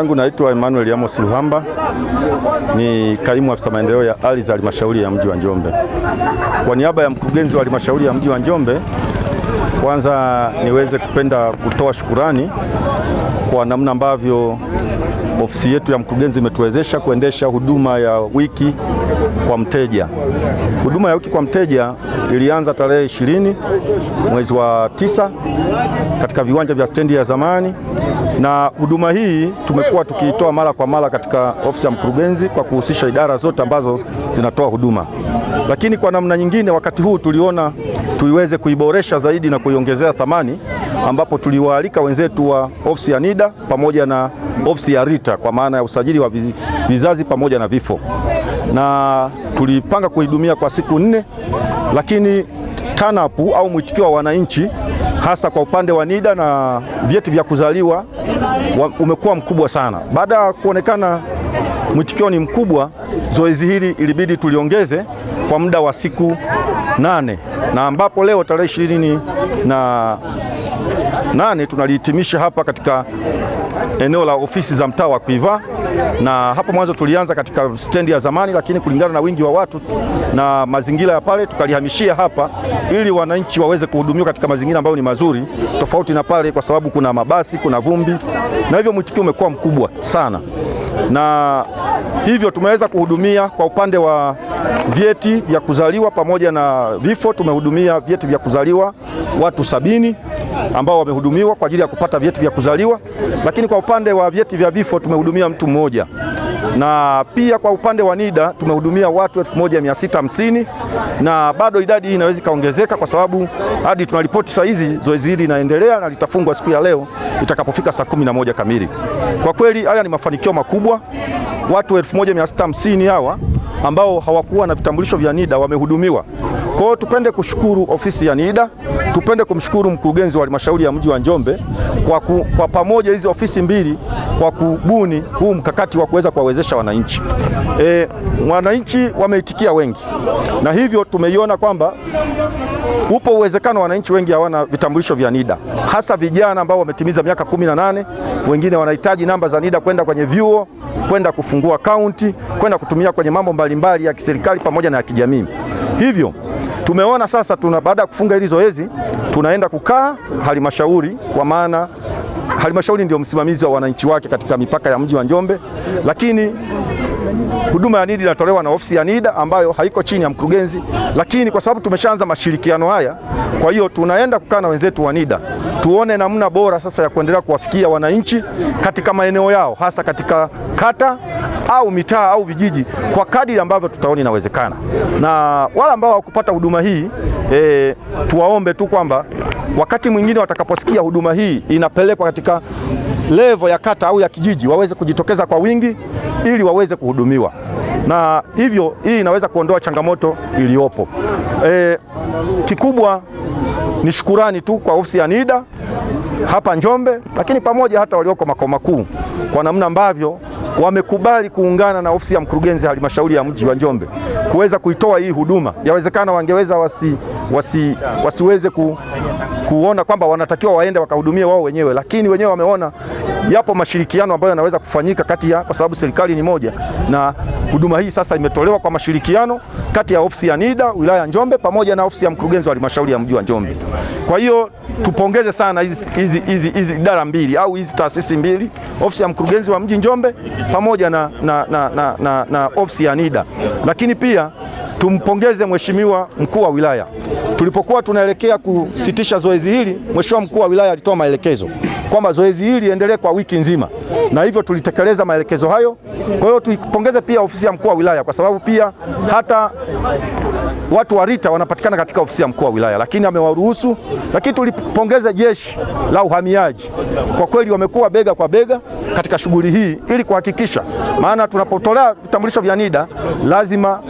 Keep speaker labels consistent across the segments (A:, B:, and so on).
A: yangu naitwa Emmanuel Amos Luhamba, ni kaimu afisa maendeleo ya ardhi halmashauri ya mji wa Njombe. Kwa niaba ya mkurugenzi wa halmashauri ya mji wa Njombe, kwanza niweze kupenda kutoa shukurani kwa namna ambavyo ofisi yetu ya mkurugenzi imetuwezesha kuendesha huduma ya wiki kwa mteja. Huduma ya wiki kwa mteja ilianza tarehe ishirini mwezi wa tisa katika viwanja vya stendi ya zamani, na huduma hii tumekuwa tukiitoa mara kwa mara katika ofisi ya mkurugenzi kwa kuhusisha idara zote ambazo zinatoa huduma, lakini kwa namna nyingine, wakati huu tuliona tuiweze kuiboresha zaidi na kuiongezea thamani, ambapo tuliwaalika wenzetu wa ofisi ya NIDA pamoja na ofisi ya RITA kwa maana ya usajili wa vizazi pamoja na vifo, na tulipanga kuhudumia kwa siku nne, lakini tanapu au mwitikio wa wananchi hasa kwa upande wa NIDA na vyeti vya kuzaliwa umekuwa mkubwa sana. Baada ya kuonekana mwitikio ni mkubwa, zoezi hili ilibidi tuliongeze kwa muda wa siku nane na ambapo leo tarehe ishirini na nane tunalihitimisha hapa katika eneo la ofisi za mtaa wa Kuiva, na hapo mwanzo tulianza katika stendi ya zamani, lakini kulingana na wingi wa watu na mazingira ya pale tukalihamishia hapa ili wananchi waweze kuhudumiwa katika mazingira ambayo ni mazuri, tofauti na pale, kwa sababu kuna mabasi, kuna vumbi, na hivyo mwitikio umekuwa mkubwa sana, na hivyo tumeweza kuhudumia kwa upande wa vyeti vya kuzaliwa pamoja na vifo. Tumehudumia vyeti vya kuzaliwa watu sabini ambao wamehudumiwa kwa ajili ya kupata vyeti vya kuzaliwa, lakini kwa upande wa vyeti vya vifo tumehudumia mtu mmoja na pia kwa upande wa NIDA tumehudumia watu 1650 na bado idadi hii inaweza ikaongezeka, kwa sababu hadi tunaripoti saa hizi zoezi hili linaendelea na litafungwa siku ya leo itakapofika saa kumi na moja kamili. Kwa kweli haya ni mafanikio makubwa. Watu 1650 hawa ambao hawakuwa na vitambulisho vya NIDA wamehudumiwa kwa hiyo tupende kushukuru ofisi ya NIDA, tupende kumshukuru mkurugenzi wa halmashauri ya mji wa Njombe kwa, ku, kwa pamoja hizi ofisi mbili kwa kubuni huu mkakati wa kuweza kuwawezesha wananchi. E, wananchi wameitikia wengi, na hivyo tumeiona kwamba upo uwezekano wananchi wengi hawana vitambulisho vya NIDA, hasa vijana ambao wametimiza miaka kumi na nane. Wengine wanahitaji namba za NIDA kwenda kwenye vyuo, kwenda kufungua kaunti, kwenda kutumia kwenye mambo mbalimbali mbali ya kiserikali pamoja na ya kijamii. Hivyo tumeona sasa tuna baada ya kufunga hili zoezi tunaenda kukaa halmashauri, kwa maana halmashauri ndio msimamizi wa wananchi wake katika mipaka ya mji wa Njombe, lakini Huduma ya NIDA inatolewa na ofisi ya NIDA ambayo haiko chini ya mkurugenzi, lakini kwa sababu tumeshaanza mashirikiano haya, kwa hiyo tunaenda kukaa na wenzetu wa NIDA tuone namna bora sasa ya kuendelea kuwafikia wananchi katika maeneo yao, hasa katika kata au mitaa au vijiji kwa kadiri ambavyo tutaona inawezekana. Na wale ambao hawakupata huduma hii e, tuwaombe tu kwamba wakati mwingine watakaposikia huduma hii inapelekwa katika levo ya kata au ya kijiji waweze kujitokeza kwa wingi ili waweze kuhudumiwa, na hivyo hii inaweza kuondoa changamoto iliyopo. E, kikubwa ni shukurani tu kwa ofisi ya NIDA hapa Njombe, lakini pamoja hata walioko makao makuu kwa namna ambavyo wamekubali kuungana na ofisi ya mkurugenzi halmashauri ya mji wa Njombe kuweza kuitoa hii huduma. Yawezekana wangeweza wasi, wasi, wasiweze ku, kuona kwamba wanatakiwa waende wakahudumie wao wenyewe, lakini wenyewe wameona yapo mashirikiano ambayo yanaweza kufanyika kati ya, kwa sababu serikali ni moja, na huduma hii sasa imetolewa kwa mashirikiano kati ya ofisi ya NIDA wilaya ya Njombe pamoja na ofisi ya mkurugenzi wa halmashauri ya mji wa Njombe. Kwa hiyo tupongeze sana hizi hizi idara mbili au hizi taasisi mbili, ofisi ya mkurugenzi wa mji Njombe pamoja na, na, na, na, na, na ofisi ya NIDA, lakini pia tumpongeze mheshimiwa mkuu wa wilaya. Tulipokuwa tunaelekea kusitisha zoezi hili, mheshimiwa mkuu wa wilaya alitoa maelekezo kwamba zoezi hili liendelee kwa wiki nzima, na hivyo tulitekeleza maelekezo hayo. Kwa hiyo tuipongeze pia ofisi ya mkuu wa wilaya kwa sababu pia hata watu wa RITA wanapatikana katika ofisi ya mkuu wa wilaya, lakini amewaruhusu. Lakini tulipongeze jeshi la uhamiaji, kwa kweli wamekuwa bega kwa bega katika shughuli hii ili kuhakikisha, maana tunapotolea vitambulisho vya NIDA lazima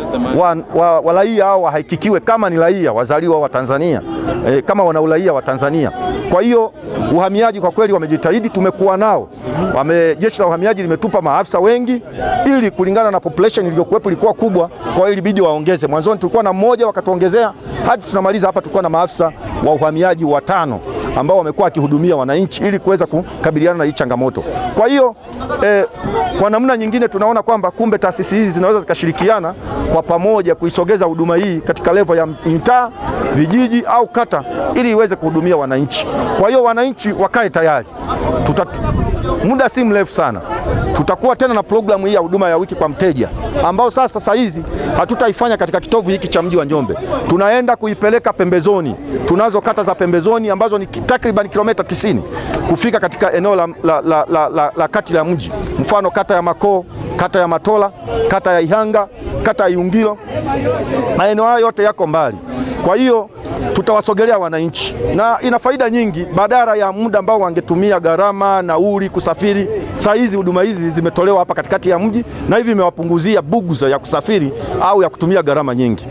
A: waraia wa, wa hao wahakikiwe kama ni raia wazaliwa wa Tanzania e, kama wana uraia wa Tanzania. Kwa hiyo uhamiaji kwa kweli wamejitahidi, tumekuwa nao wame, jeshi la uhamiaji limetupa maafisa wengi ili kulingana na population iliyokuwepo ilikuwa kubwa, kwa hiyo ilibidi waongeze. Mwanzoni tulikuwa na mmoja, wakatuongezea hadi tunamaliza hapa tulikuwa na maafisa wa uhamiaji watano ambao wamekuwa wakihudumia wananchi ili kuweza kukabiliana na hii changamoto. Kwa hiyo eh, kwa namna nyingine tunaona kwamba kumbe taasisi hizi zinaweza zikashirikiana kwa pamoja kuisogeza huduma hii katika levo ya mtaa, vijiji au kata ili iweze kuhudumia wananchi. Kwa hiyo wananchi wakae tayari tuta muda si mrefu sana tutakuwa tena na programu hii ya huduma ya wiki kwa mteja, ambao sasa sasa hizi hatutaifanya katika kitovu hiki cha mji wa Njombe, tunaenda kuipeleka pembezoni. Tunazo kata za pembezoni ambazo ni takriban kilomita 90 kufika katika eneo la, la, la, la, la, la kati la mji, mfano kata ya Makoo, kata ya Matola, kata ya Ihanga, kata ya Iungilo. Maeneo hayo yote yako mbali. Kwa hiyo tutawasogelea wananchi na ina faida nyingi, badala ya muda ambao wangetumia gharama nauli kusafiri. Saa hizi huduma hizi zimetolewa hapa katikati ya mji, na hivi imewapunguzia buguza ya kusafiri au ya kutumia gharama nyingi.